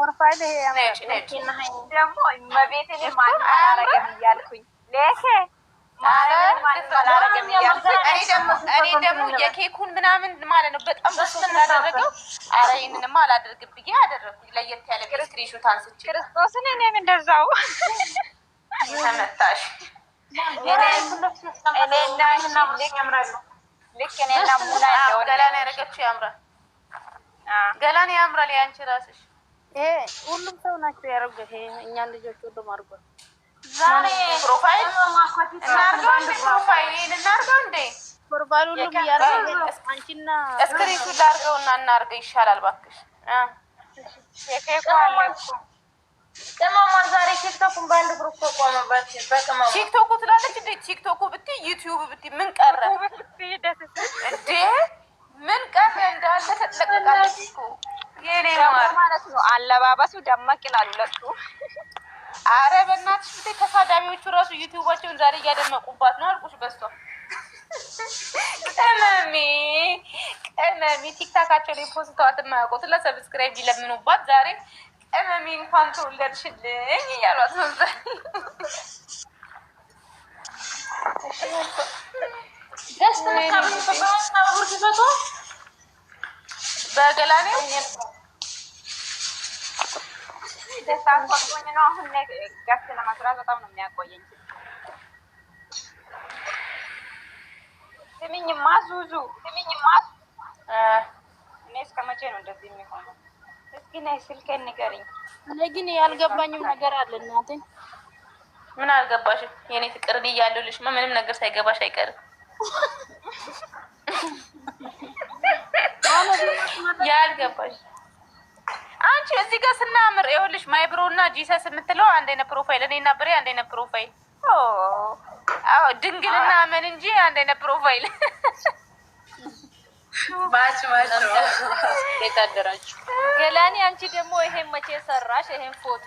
ፕሮፋይል ይሄ ደግሞ እያልኩኝ ሌኬ እኔ ደግሞ የኬኩን ምናምን ማለት ነው በጣም በሱ እንዳደረገው ኧረ አላደርግም ብዬ አደረግኩኝ። ለየት ያለ ስክሪንሾት አንስቼ ክርስቶስን እኔም እንደዛው ተመታሽ። ልክ እኔና ሙላ ገላን ያደረገችው ያምራል፣ ገላን ያምራል። የአንቺ ራስሽ ሁሉም ሰው ናቸው ያደረጉት። እኛን ልጆች ሁሉም አድርጓል። ዛሬ ፕሮፋይል ፕሮፋይል ሁሉም እያደረገ አንቺና እስክሪቱ ላድርገውና እናድርገ ይሻላል። እባክሽ ቅመማ ዛሬ ቲክቶኩን በአንድ ግሩፕ ተቋመበት። በቅመማ ቲክቶኩ ትላለች እንዴ? ቲክቶኩ ብትይ ዩቲዩብ ብትይ ምን ቀረ እንዴ? ምን ቀረ እንዳለ ተጥለቅቃለች እኮ ማለት ነው። አለባበሱ ደማቅ ይላሉ ለሱ። አረ በእናትሽ ብታይ ተሳዳቢዎቹ ራሱ ዩቲዩባቸውን ዛሬ እያደመቁባት ነው አልኩሽ። በሷ ቅመሜ ቅመሜ ቲክታካቸው ላይ ፖስተዋት የማያውቁት ለሰብስክራይብ ይለምኑባት ዛሬ ቅመሜ እንኳን ተወለድሽልኝ እያሏት ነው ዛሬ ደስ በገላኔ ሰዓት ቆርጦኝ ነው አሁን ላይ ጋር በጣም ነው የሚያቆየኝ። ስሚኝማ ዙዙ ስሚኝማ እኔ እስከ መቼ ነው እንደዚህ የሚሆነው? እስኪ ነይ ስልኬን ንገሪኝ። እኔ ግን ያልገባኝም ነገር አለ እናቴ። ምን አልገባሽም? የእኔ ፍቅር እያለሁ ልሽማ ምንም ነገር ሳይገባሽ አይቀርም። ያልገባሽ አንቺ እዚህ ጋር ስናምር ይኸውልሽ፣ ማይብሮ እና ጂሰስ የምትለው አንድ አይነት ፕሮፋይል፣ እኔና ብሬ አንድ አይነት ፕሮፋይል። አዎ ድንግልና ምን እንጂ አንድ አይነት ፕሮፋይል። ባች ባች ታደራችሁ ገላኔ። አንቺ ደግሞ ይሄን መቼ ሰራሽ? ይሄን ፎቶ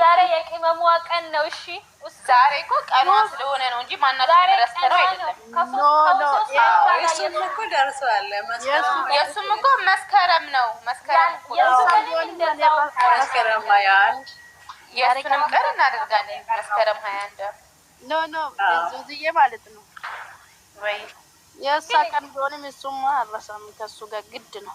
ዛሬ የቅመሟ ቀን ነው። እሺ ዛሬ እኮ ቀኗ ስለሆነ ነው እንጂ ማናቸውም ረስተነው አይደለም። የእሱም እኮ መስከረም ነው። መስከረም የእሱንም ቀን እናደርጋለን። መስከረም ሀያ አንድ ኖ ኖ ማለት ነው። የእሷ ቀን ቢሆንም ከእሱ ጋር ግድ ነው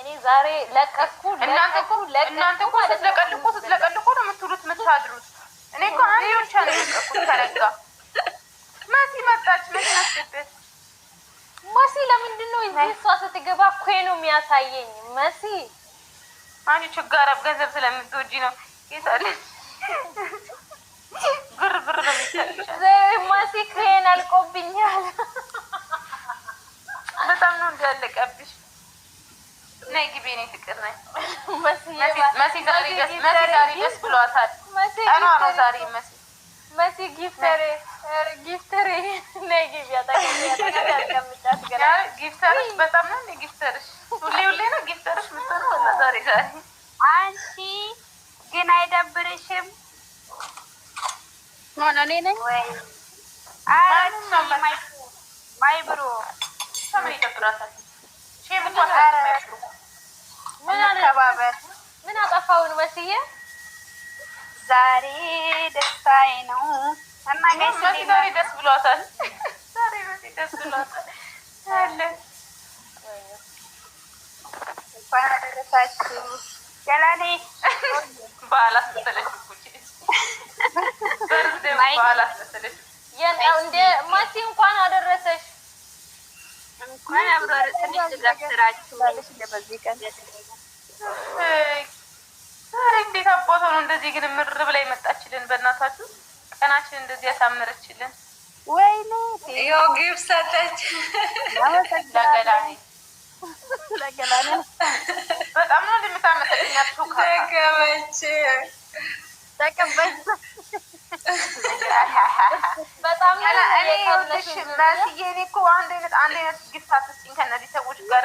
እኔ ዛሬ ለቀኩ። እናንተ እኮ እናንተ እኮ ስትለቀልቁ ስትለቀልቁ ነው የምትውሉት የምታድሩት። እኔ እኮ አንዴ ብቻ ነው የለቀኩት። ተረጋ መሲ መጣች። መሲ ናስገበት መሲ ለምንድን ነው እዚህ እሷ ስትገባ እኮ ነው የሚያሳየኝ። መሲ አንቺ ችጋራብ ገንዘብ ስለምትወጂ ነው ይሳለ ብር ብር ነው የሚቻለሽ። መሲ ክሬን አልቆብኛል። በጣም ነው እንዲያለቀብሽ ነይ ግቢ እኔ ፍቅር ነኝ። መሲ ዛሬ ደስ ብሏታል። ቀኗ ነው ዛሬ መሲ መሲ ጊፍተሬ ጊፍተሬ ነይ ግቢ ጊፍተርሽ በጣም ነው ጊፍተርሽ ሁሌ ሁሌ ነው ጊፍተርሽ የምትሆነው እና ዛሬ ዛሬ አንቺ ግን አይደብርሽም? ሆነ እኔ ነኝ ማይ ብሮ ይደብራታል። ሼም እንኳን ማይ ብሮ ምን አጠፋውን መስዬ ዛሬ ደስታዬ ነው። ዛሬ ደስ ብሏታል። እንኳን አደረሳችሁ ገላኔ በዓል አስመሰለች። እንደ ማሲ እንኳን አደረሰሽ። ዛሬ እንዴት አቦታ ነው እንደዚህ ግን ምር ብላ የመጣችልን? በእናታችሁ ቀናችን እንደዚህ ያሳምረችልን። ወይኔ ያው ግብ ሰጠች። ለገላኔ ለገላኔ በጣም ነው እንደምታመሰግኛ ተቀበች ተቀበች እኮ አንድ አይነት አንድ አይነት ግፍት አትስጭኝ ከእነዚህ ሰዎች ጋር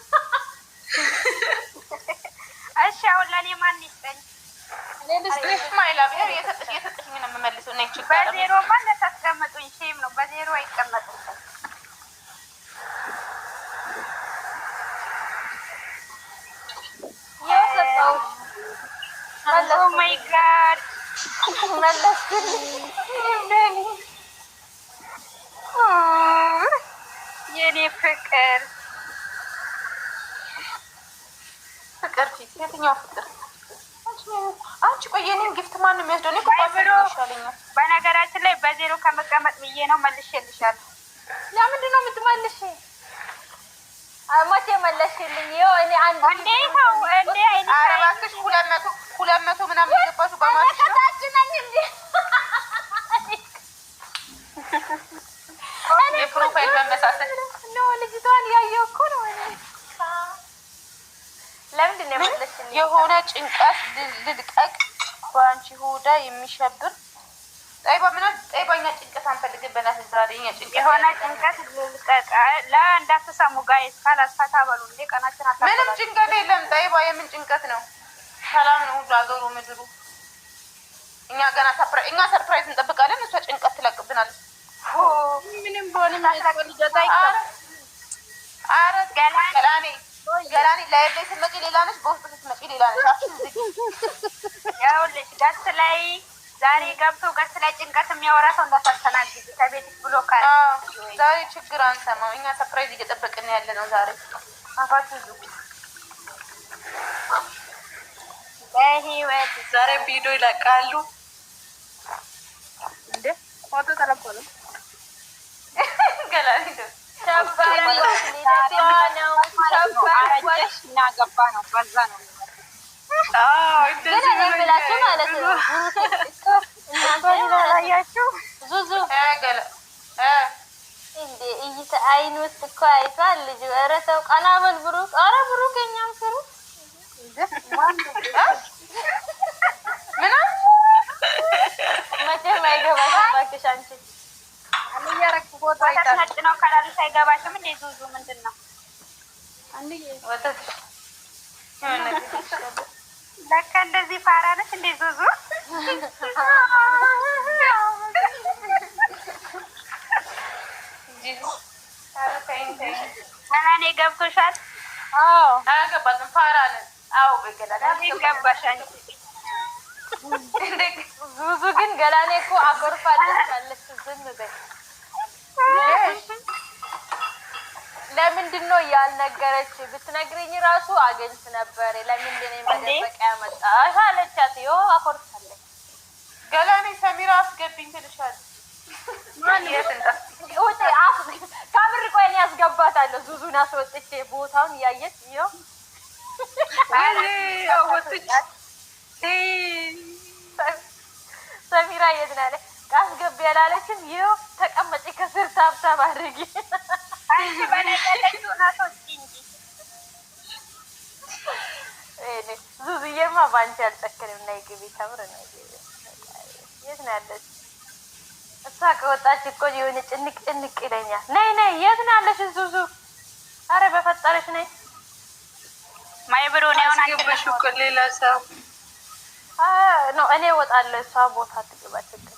ችግር በዜሮ ማን ታስቀምጡኝ? ሼም ነው። በዜሮ አይቀመጡም። ኦማይ ጋድ oh የኔ ፍቅር ፍቅር የትኛው ፍቅር አንቺ ቆይ የኔን ጊፍት ነው የሚወስደው? እኔ ብሎ በነገራችን ላይ በዜሮ ከመቀመጥ ብዬ ነው መልሼልሻለሁ። ለምንድን ነው የምትመልሽ? መቼ መለሽልኝ? ይኸው እኔ አንድ ኧረ እባክሽ ሁለት መቶ ሁለት መቶ ምናምን የገባሽው በማለት ነው። የፕሮፋይል መመሳሰል ነው። ልጅቷን ያየሁ እኮ ነው እኔ የሆነ ጭንቀት ልልቀቅ በአንቺ ሁዳ የሚሸብር ጠይባ ምና ጠይባኛ ጭንቀት አንፈልግም። በእናትህ ዛሬ ጭንቀት የሆነ ጭንቀት እንዳትሰሙ ጋይዝ፣ ካላስፋታ በሉ እንዴ ቀናችን አታ ምንም ጭንቀት የለም። ጠይባ የምን ጭንቀት ነው? ሰላም ነው ሁሉ አገሩ ምድሩ። እኛ ገና ሰርፕራይዝ እኛ ሰርፕራይዝ እንጠብቃለን። እሷ ጭንቀት ትለቅብናል። ምንም ሆነ ማስላቅ ልጆታ ይቀር አረት ገላኔ ስትመጪ ሌላ ነች፣ በውስጥ ስትመጪ ሌላ ነች። ላይ ዛሬ ገብቶ ገስ ላይ ጭንቀት የሚያወራ ሰው እንዳታስተናግድ ከቤት ብሎ ዛሬ ችግር አንሰማም። እኛ ሰፕራይዝ እየጠበቅን ያለ ነው። ዛሬ በህይወት ዛሬ ቪዲዮ ይለቃሉ እንዴ ፎቶ ተለኮነ ገላ ነው በዛ ነው ብላችሁ ማለት ነው። እናያችሁ እንደ አይን ውስጥ እኮ አይቷል ልጁ። ኧረ ተው ቀና በል ብሩክ። ኧረ ብሩክ የእኛም ስሩ መቼም አይገባሽም እባክሽ አንቺ ወተት ነጭ ነው ካላሉሽ አይገባሽም እንዴ? ዙዙ ምንድን ነው? ለካ እንደዚህ ፋራ ነች እንዴ ዙዙ? እኔ ገብቶሻል? አልገባትም። ፋራ ነን። ዙዙ ግን ገላኔ እኮ አጎርፋለች አለች። ዝም በይ ለምንድን ነው ያልነገረች? ብትነግረኝ ራሱ አገኝት ነበር። ለምንድን አለቻት። ዮ ሰሚራ አስገብኝ ትልሻለች። ከምር ቆይ እኔ ዙዙን አስወጥቼ ቦታውን እያየች ሰሚራ የት ናለች? ያላለችም ይኸው ተቀመጪ ከስር ታብታብ አድርጊ። ዙዙዬማ በአንቺ አልጨክንም። ነይ ግቢ ተምር ነው። የት ነው ያለች? እሷ ከወጣች እኮ የሆነ ጭንቅ ጭንቅ ይለኛል። ነይ ነይ፣ የት ነው ያለች ዙዙ? አረ በፈጠረች ነይ። ማይብሮን ነው። እኔ እወጣለሁ። እሷ ቦታ ትግባ፣ ችግር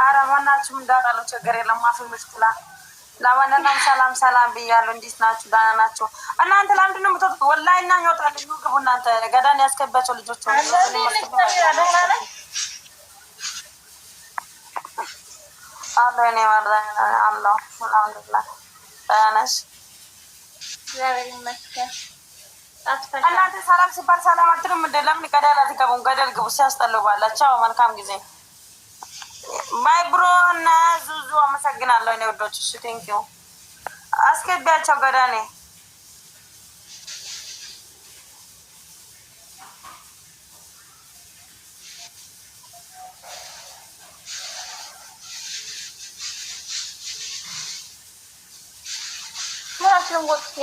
ኧረ በእናትሽም እንዳውቃለሁ ችግር የለም። አፍ ምሽትላ ለማንኛውም ሰላም ሰላም ብያለሁ። እንዴት ናችሁ? ደህና ናቸው እናንተ? ለምንድን ነው የምትወጡት? ወላሂ እና ይወጣል። ግቡ እናንተ ገዳን ያስገባቸው ልጆች አለሁ እኔ አለሁ። አልሐምዱሊላህ ደህና ነሽ? እናንተ ሰላም ሲባል ሰላም አትሉም እንደ ለምን ገደል አትገቡም? ገደል ግቡ። ሲያስጠልባላቸው መልካም ጊዜ ባይ ብሮ እና ዙዙ አመሰግናለሁ። እኔ ወዶች እሺ፣ ቴንክ ዩ አስገቢያቸው ገዳኔ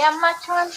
ያማቸውን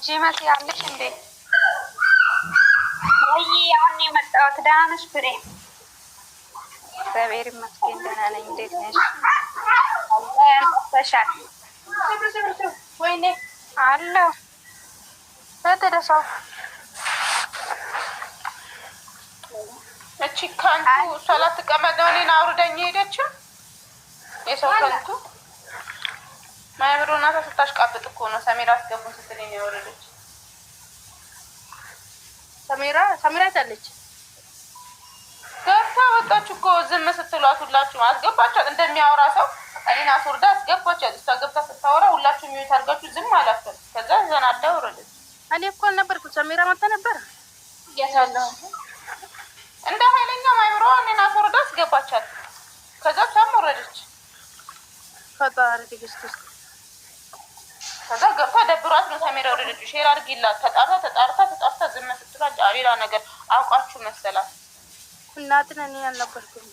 አንቺ መሲ አለሽ እንዴ? ወይ አሁን የመጣሁት ደህና ነሽ ብሬ? እግዚአብሔር ይመስገን ደህና ነኝ። እንዴት ነሽ? ያንፈሻል ወይኔ አለሁ በተደሰው እቺ ከንቱ ሰላት ቀመደው እኔን አውርደኝ ሄደችው የሰው ከንቱ ማያምሮ እናቷ ስታሽቃብጥ እኮ ነው ሰሜራ አስገቡን ስትል ያወረደች። ሰሜራ ሰሜራ አይታለች ገብታ ወጣች እኮ ዝም ስትሏት ሁላችሁም አስገባችኋት። እንደሚያወራ ሰው እኔን አስወርዳ አስገባችኋት። እሷ ገብታ ስታወራ ሁላችሁ የሚዩት አድርጋችሁ ዝም አላፈል። ከዛ ዘናዳ ወረደች። እኔ እኮ አልነበርኩም ሰሜራ መታ ነበር እያሳለሁ እንደ ኃይለኛ ማይምሮ እኔን አስወርዳ አስገባቻት። ከዛ ብቻም ወረደች። ፈጣሪ ትግስት ውስጥ ከዛ ገብታ ደብሯት ነው ሳሜራ ወደ ሼር አድርጊላት። ተጣርታ ተጣርታ ተጣርታ ዝም ስትላል ሌላ ነገር አውቃችሁ መሰላት። እናትን እኔ አልነበርኩም።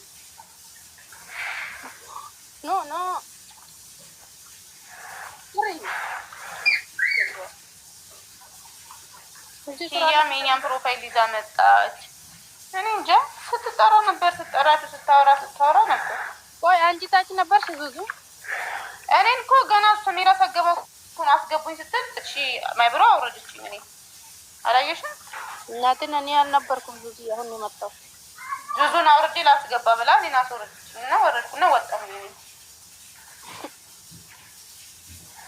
ኖ ኖ ያም የኛም ፕሮፋይል ይዛ መጣች። እኔ እንጃ ስትጠራ ነበር ስትጠራችሁ ስታወራ ስታወራ ነበር ወይ አንቺ ታች ነበር ዙዙ እኔን እኮ ገና እሱ እኔ ላሳገባው ስልኩን አስገቡኝ ስትል እሺ ማይብሮ አውረደችኝ። እኔ አላየሽም? እናትን እኔ አልነበርኩም። ዙዙ አሁን የመጣው ዙዙን አውርዴ ላስገባ ብላ እኔን አስወረደችኝ እና ወረድኩና ወጣሁኝ።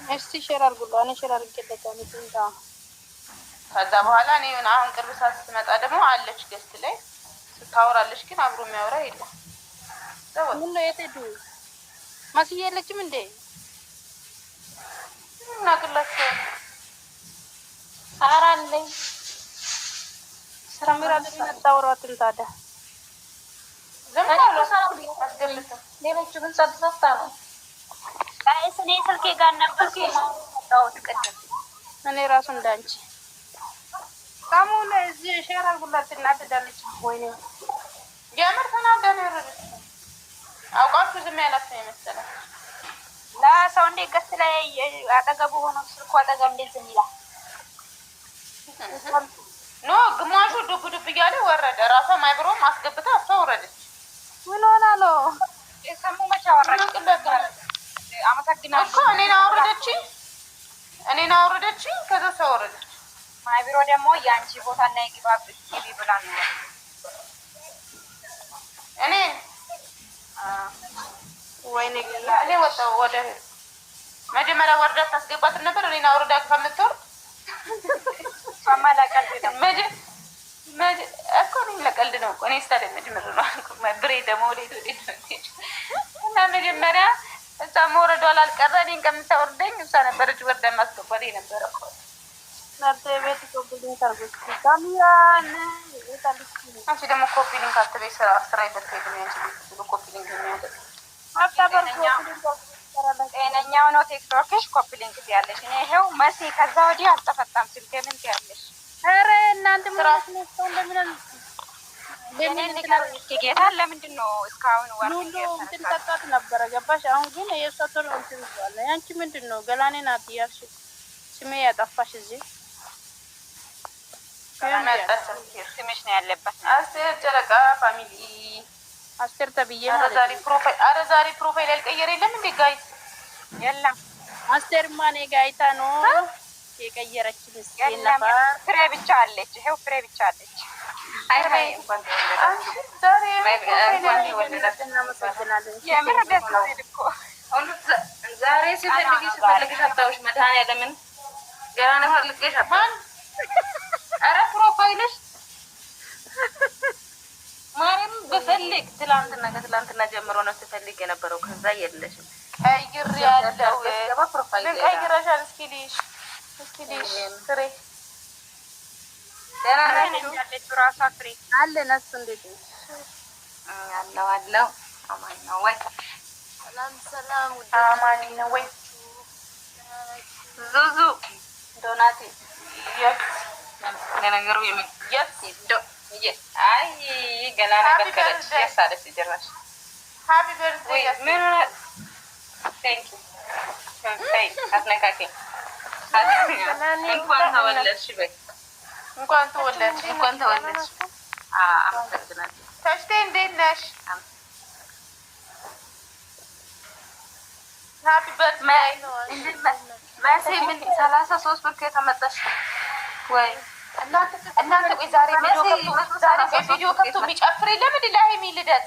እኔ እስቲ ሼር አድርጉላ እኔ ሼር አድርጌለታለሁ ትንታ ከዛ በኋላ እኔ አሁን ቅርብ ሰዓት ስትመጣ ደግሞ አለች ገስት ላይ ስታወራለች፣ ግን አብሮ የሚያወራ የለም። ምን ነው የት ሄዱ? ማስዬ የለችም እንዴ? ምናቅላቸው ኧረ አለኝ ሰሚራ አታወሯትም ታዲያ ሌሎቹ ግን ጸጥታ ነው። እኔ ስልኬ ጋር ነበርኩ ቅድም። እኔ እራሱ እንዳንቺ ከሙን እዚህ ሼር አድርጉላት። ትናደዳለች። ወይኔ የምር ተናዳ ነው አውቃችሁ ዝም ያላት ነው የመሰለኝ ለሰው እንዴት ገስ ላይ አጠገቡ ሆኖ ስልኩ አጠገብ እንዴት ዝም ይላል? ኖ ግማሹ ዱብ ዱብ እያለ ወረደ። ራሷ ማይብሮም አስገብታ እሷ ወረደች። ምን ሆና ነው የሰሙ መቼ አወራች? አመሰግናለሁ እኔን አወረደች፣ እኔን አወረደች። ከዛ ሰው ወረደች። ማይብሮ ደግሞ የአንቺ ቦታ እና የግባ ግቢ ብላ ነው እኔ ወይኔ ገና እኔ ወጣሁ። ወደ መጀመሪያ ወርዳ ታስገባት ነበር። እኔን አውርዳ ከምትወርድ እኮ ለቀልድ ነው እኮ እኔ ስታደም መጀመሪያ ነው ብሬ ደግሞ ወዴት ወዴት እና መጀመሪያ እሷ መውረዷ አላልቀረ እኔን ከምታወርደኝ እሷ ነበረች ወርዳ ማስገባት አንቺ ደግሞ አትበይ። ስራ ስራ ይደርሰኝ ነው ኮፒ ሊንክ የሚያደርግ ጤነኛ ሆኖ ቲክቶክሽ ኮፒ ሊንክ ያለሽ እኔ ይሄው መሲ ከዛ ወዲህ አልጠፈጣም ስልኬ ምን ያለሽ ኧረ እናንተ ጌታ ለምንድን ነው እስካሁን ሁሉ እንትን ጠጣት ነበረ ገባሽ አሁን ግን የሰቶር እንትን ይዟለ ያንቺ ምንድን ነው ገላኔ ናት እያልሽ ስሜ ያጠፋሽ እዚህ ስምሽ ነው ያለበት አስር ጨረቃ ፋሚሊ አስር ተብዬ አረ ዛሬ ፕሮፋይል ያልቀየረ የለም እንዴ? ጋይት የለም። አስቴር ማኔ ጋይታ ነው የቀየረችን። ፍሬ ብቻ አለች። ይሄው ፍሬ ብቻ አለች። ዛሬ ሲፈልግ ሲፈልግሽ አታውሽ መድኃኒዓለምን ገና ነበር ልቄሽ አባ አረ ፕሮፋይልሽ ማርያም ብፈልግ ትላንትና ከትላንትና ጀምሮ ነው ስፈልግ የነበረው። ከዛ የለሽም ቀይር ያለው ቀይረሻል። እስኪ ልይሽ እስኪ ልይሽ ፍሬ አለ ነሱ እንዴት አለው አለው አማኝ ነው ወይ አማን ነው ወይ ዙዙ ዶናቴ የት ለነገሩ የሚ የት ሄደው አይ ገና ነገር ከለች ያሳለች ጭራሽ አትነካከኝ። እንኳን ሰላሳ ሶስት ብር ከየት ወይ እናንተ ቆይ ዛሬ ቪዲዮ ከብቶ የሚጨፍር ለምን ለሀይሚ የሚልደት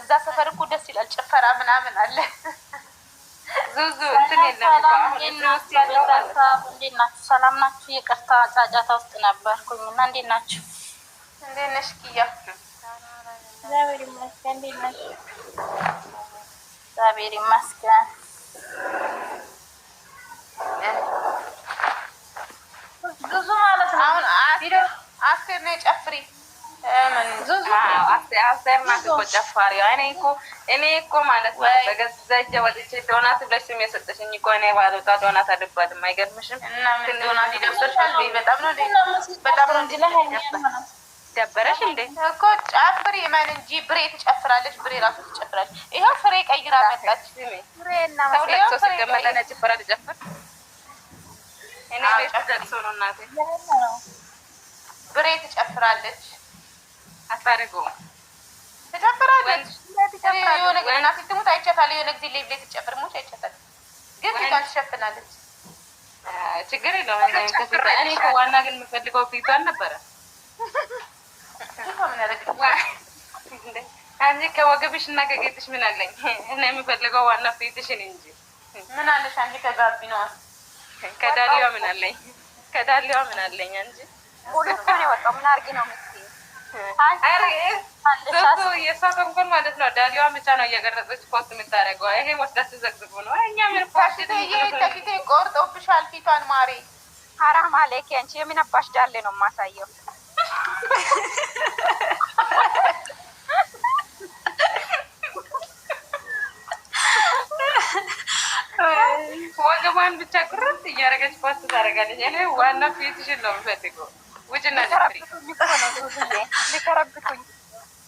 እዛ ሰፈር እኮ ደስ ይላል፣ ጭፈራ ምናምን አለ። ዙዙ እንትን የለም። ሰላም ናችሁ? የቀርታ ጫጫታ ውስጥ ነበርኩኝ እና እንዴት ናችሁ? እንዴት ነሽ? ክያ እግዚአብሔር ይመስገን። ብዙ ማለት ነው። አሁን አስር ነው ጨፍሪ። እኔ እኮ እኔ እኮ ማለት ነው በገዛ ወጥቼ ዶናት ብለሽ ስም የሰጠሽኝ እኮ እኔ ባልወጣ ዶናት አልባልም። አይገርምሽም? በጣም ነው በጣም ነው ደበረሽ እንዴ እኮ ጨፍሪ ማን እንጂ ብሬ ትጨፍራለች። ብሬ ራሱ ትጨፍራለች። ይኸው ፍሬ ቀይራ መጣች። ሰው ለቅሶ ትጨፍር። እኔ ቤት ነው እናቴ። ብሬ ትጨፍራለች። አታደርገውም። ትጨፍራለች። የሆነ ጊዜ እናቴ ትሙት አይቻታል። የሆነ ጊዜ ትጨፍር አይቻታል። ግን ትሸፍናለች። ችግር የለውም። እኔ ዋና ግን የምፈልገው ፊቷን ነበረ አንቺ ከወገብሽ እና ከጌጥሽ ምን አለኝ? እኔ የምፈልገው ዋና ፊትሽን እንጂ ምን አለሽ አንቺ? ከጋቢናዋ ከዳሊዋ ምን አለኝ? ከዳሊዋ ምን አለኝ? አንቺ የእሷ ተንኮል ማለት ነው። ዳሊዋ ብቻ ነው እየገረጸች ፖስት የምታደርገው። ይሄ ወስዳት ዘግዝጉ ነው። እኛ ምን ፋሽትይተፊቴ ቆርጦብሻል ፊቷን ማሪ ሀራም አለኪ አንቺ የምነባሽ ዳሌ ነው የማሳየው ወገቧን ብቻ ቁርጥ እያደረገች ፖስት ታደርጋለች። እኔ ዋና ፊትሽን ነው የምፈልገው። ውጭና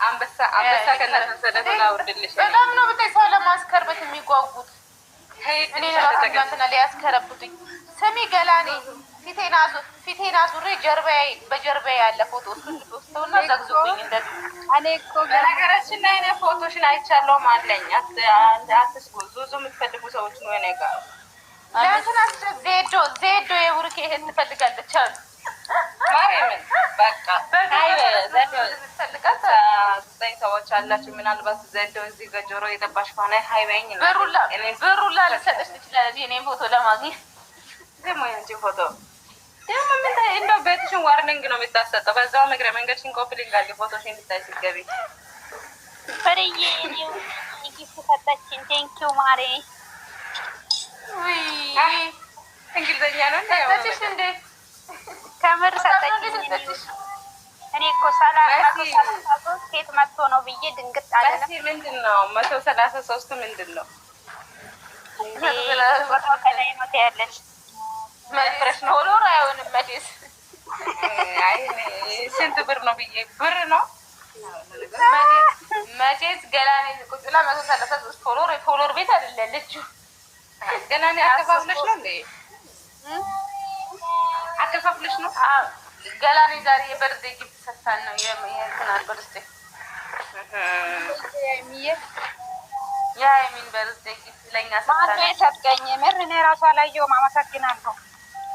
አንበሳ አንበሳ ከነሰንሰለቱን አውርድልሽ። በጣም ነው ብታይ ሰው ለማስከርበት የሚጓጉት እኔ ራሱ ትናንትና ሊያስከረብቱኝ ስሚ ገላኔ ፊቴን አዙሬ ጀርባዬ በጀርባዬ ያለ ፎቶ ስተውና ዘግዞብኝ እንደዚህ። በነገራችን ላይ እኔ ፎቶሽን አይቻለሁም አለኝ። አትስጉ ዙዙ የምትፈልጉ ሰዎች ነው ነገ ለትናስ ዜዶ ዜዶ የቡሩኬ እህት ትፈልጋለች አሉ ማርያምን በቃ ዘጠኝ ሰዎች አላችሁ። ምናልባት ዘዶ እዚህ በጆሮ የጠባሽ ከሆነ ሀይበኝ በይኝ ብሩላ ብሩላ ልሰጠች ትችላለች የኔን ፎቶ ለማግኘት ደግሞ የአንቺን ፎቶ እንደው ቤትሽን ዋርኒንግ ነው የምታሰጠው። በዛው እግረ መንገድሽን ኮፕሊንግ አድርጊ ፎቶሽን ልታይ ስትገቢ ፍርዬ ጊፍት ሰጠችን። ቴንኪው ማሬ። እንግሊዝኛ ነው ሰጠችሽ እንዴ? ከምር ሰጠችኝ። እኔ እኮ ኬት መጥቶ ነው ብዬ ድንግጥ አለ። ምንድን ነው መቶ ሰላሳ ሶስቱ ምንድን ነው? ከላይ ነው ያለች መፍረሽ ነው ዶር አይሆንም። መቼስ ስንት ብር ነው ብዬ ብር ነው መቼስ ገላኔ ቁጭላ መቶ ሰላሳ ሶስት ፎሎር ፎሎር ቤት አይደለለችው ገላኔ አከፋፍለሽ ነው እንዴ? አከፋፍለሽ ነው ገላኔ ዛሬ የበርዴ ጊፍት ሰታን ነው የእንትናን በርዴ የሀይሚን በርዴ ጊፍት ለእኛ ሰታን ነው የሰጠኝ። ምር እኔ ራሱ አላየሁም። አመሰግናለሁ።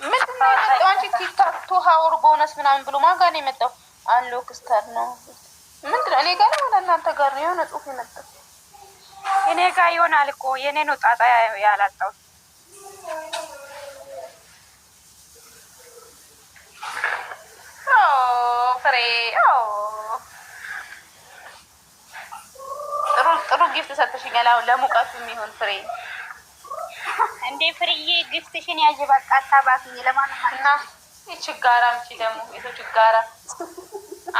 ምንድን ነው የመጣው? አንቺ ቲክቶክ ቱ ሀውር ቦነስ ምናምን ብሎ ማን ጋር ነው የመጣው? አሎ ክስተር ነው ምንድን ነው? እኔ ጋር ነው እናንተ ጋር ነው የሆነ ጽሁፍ የመጣው እኔ ጋር ይሆናል እኮ የእኔ ነው ጣጣ ያላጣው ፍሬ ጥሩ ጥሩ ጊፍት ሰጥሽኛል። አሁን ለሙቀቱ የሚሆን ፍሬ እንደ ፍርዬ ግፍትሽን ያዥ። በቃ አታባክ ለማንና ችጋራ ምቺ ደግሞ የቶ ችጋራ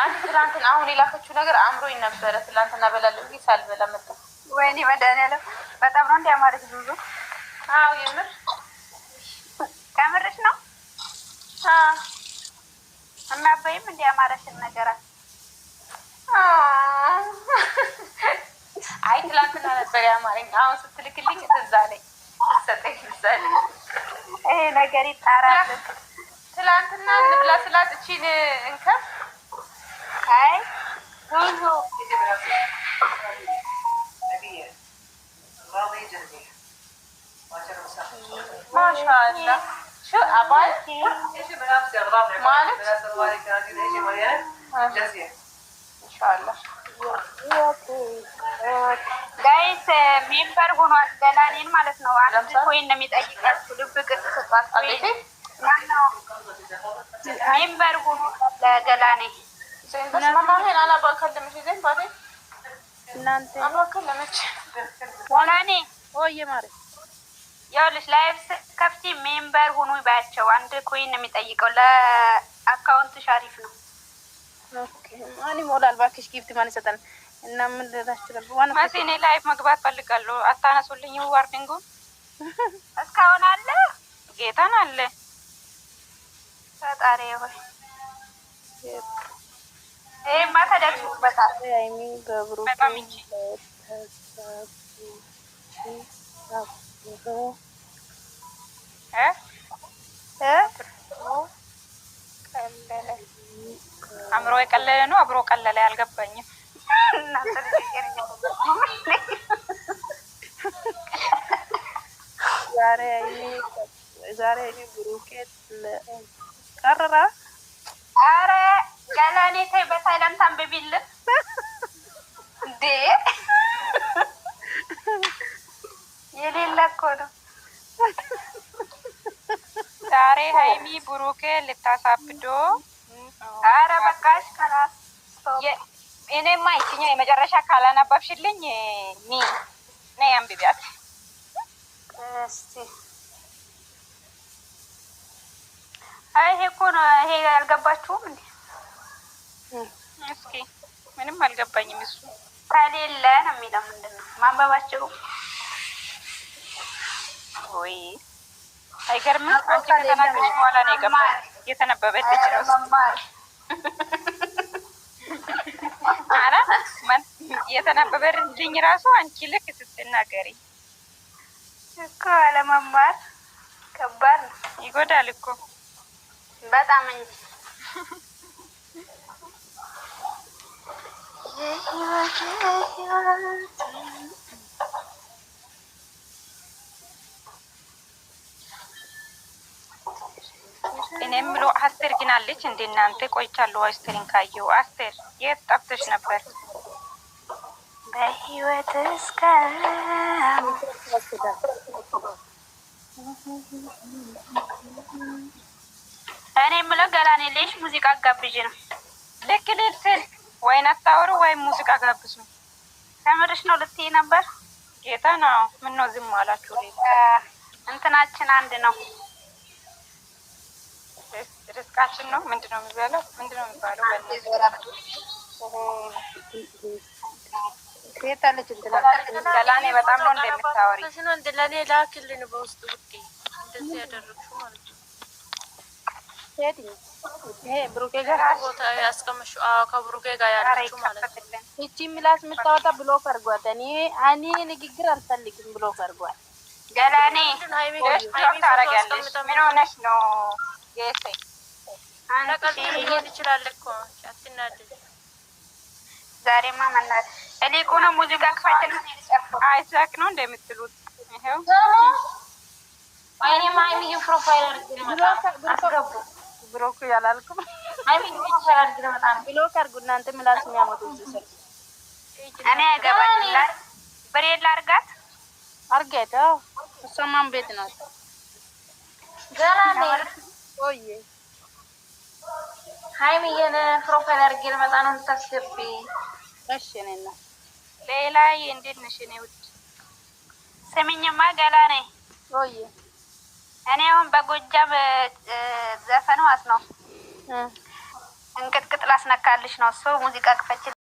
አንድ ትላንትን አሁን የላከችው ነገር አእምሮኝ ነበረ። ትላንትና በላለሁ ጊዜ ሳልበላ መጣ። ወይኔ መድኃኒዓለም በጣም ነው አማረች ብዙ። አዎ የምር ከምርሽ ነው። እናበይም እንዲያማረሽን ነገራት። አይ ትላንትና ነበር ያማረኝ። አሁን ስትልክልኝ ትዝ አለኝ። አሰጠኝ ምሳሌ ይሄ ነገር ይጣራል። ትላንትና እንብላ ስላት እቺን እንከፍ አይ ብዙ ማሻአላ ማለት ኢንሻአላ ጋይስ ሜምበር ሆኗል። ደላሌን ማለት ነው። አንድ ኮይን ነው የሚጠይቃችሁ። ልብ ቅጥ ስጧት። ሜምበር ሆኖ ለገላኔ ወላኔ ይኸውልሽ ላይቭ ከፍቲ ሜምበር ሆኖ ባያቸው። አንድ ኮይን ነው የሚጠይቀው። ለአካውንትሽ አሪፍ ነው። ማን ይሞላል? እባክሽ ጊፍት ማን ይሰጠን? እና ምን ልላችሁ እኔ ላይፍ መግባት ፈልጋለሁ። አታነሱልኝ። ዋርዲንጉን እስካሁን አለ ጌታን አለ ፈጣሪ ሆይ ይሄማ ተደግሶበታል። ቀለለ ነው አብሮ ቀለለ። አልገባኝም። ዛሬ ብሩኬት ቀረራ። አረ ገላኔ ተይ፣ በሳይለንት እንዴ! የሌለ እኮ ነው። ዛሬ ሀይሚ ብሩኬ ልታሳብዶ አረ በቃሽ። እኔማ ይችኛ የመጨረሻ ካላነበብሽልኝ ኒ ነይ አንብቢያት እስቲ። ይሄ እኮ ነው። ይሄ አልገባችሁም እንዴ? እስኪ ምንም አልገባኝም። እሱ ከሌለ ነው የሚለው ምንድን ነው ማንበባቸው? ወይ አይገርምም! አንቺ ከተናገርሽ በኋላ ነው የገባ የተነበበልች ነው ኧረ የተነበበልኝ ራሱ አንቺ ልክ ስትናገሪ እኮ አለመማር ከባድ ነው። ይጎዳል እኮ በጣም እንጂ እኔ የምለው አስቴር ግን አለች እንደ እናንተ ቆይቻለሁ። አስቴርን ካየሁ አስቴር የት ጠፍተሽ ነበር? በህይወት እስከ እኔ የምለው ገላኔ ሌሽ ሙዚቃ አጋብዥ ነው ልክ ልል ስል ወይን አታወሩ ወይም ሙዚቃ ጋብዙ። ከምርሽ ነው ልትይ ነበር? ጌታ ነው። ምን ነው ዝም አላችሁ? እንትናችን አንድ ነው ርስቃችን ነው። ምንድነው የሚባለው? ምንድነው የሚባለው? ሰላኔ በጣም ነው እንደምታወሪ ለሌላ ክልል በውስጥ ውጤ እንደዚህ ያደረግሽው ማለት ነው። ከብሩኬ ጋር ያለችው ማለት ነው። ይቺ ምላስ የምታወጣ ብሎክ አድርጓት። እኔ እኔ ንግግር አልፈልግም ብሎክ አድርጓት። ገላኔ ምን ሆነሽ ነው? ዛሬማ መናት እኔ እኮ ነው ሙዚቃ ክፈትና አይሳቅ ነው እንደምትሉት ብሮክ ያላልኩም ብሎክ አድርጉ እናንተ ምላስ የሚያመጡት እኔ አይገባኝ። በሌላ አርጋት አርጌት እሷ ቤት ናት? ሀይሚዬን ፕሮፋይል አድርጌ ልመጣ ነው እንድታስገቢ። እሺ ነና ሌላ እንዴት ነሽ? እኔ ውድ ስሚኝማ ገላ ነኝ። ኦይ እኔ አሁን በጎጃም ዘፈን ዋስ ነው እንቅጥቅጥ ላስነካልሽ ነው። እሱ ሙዚቃ ክፈችል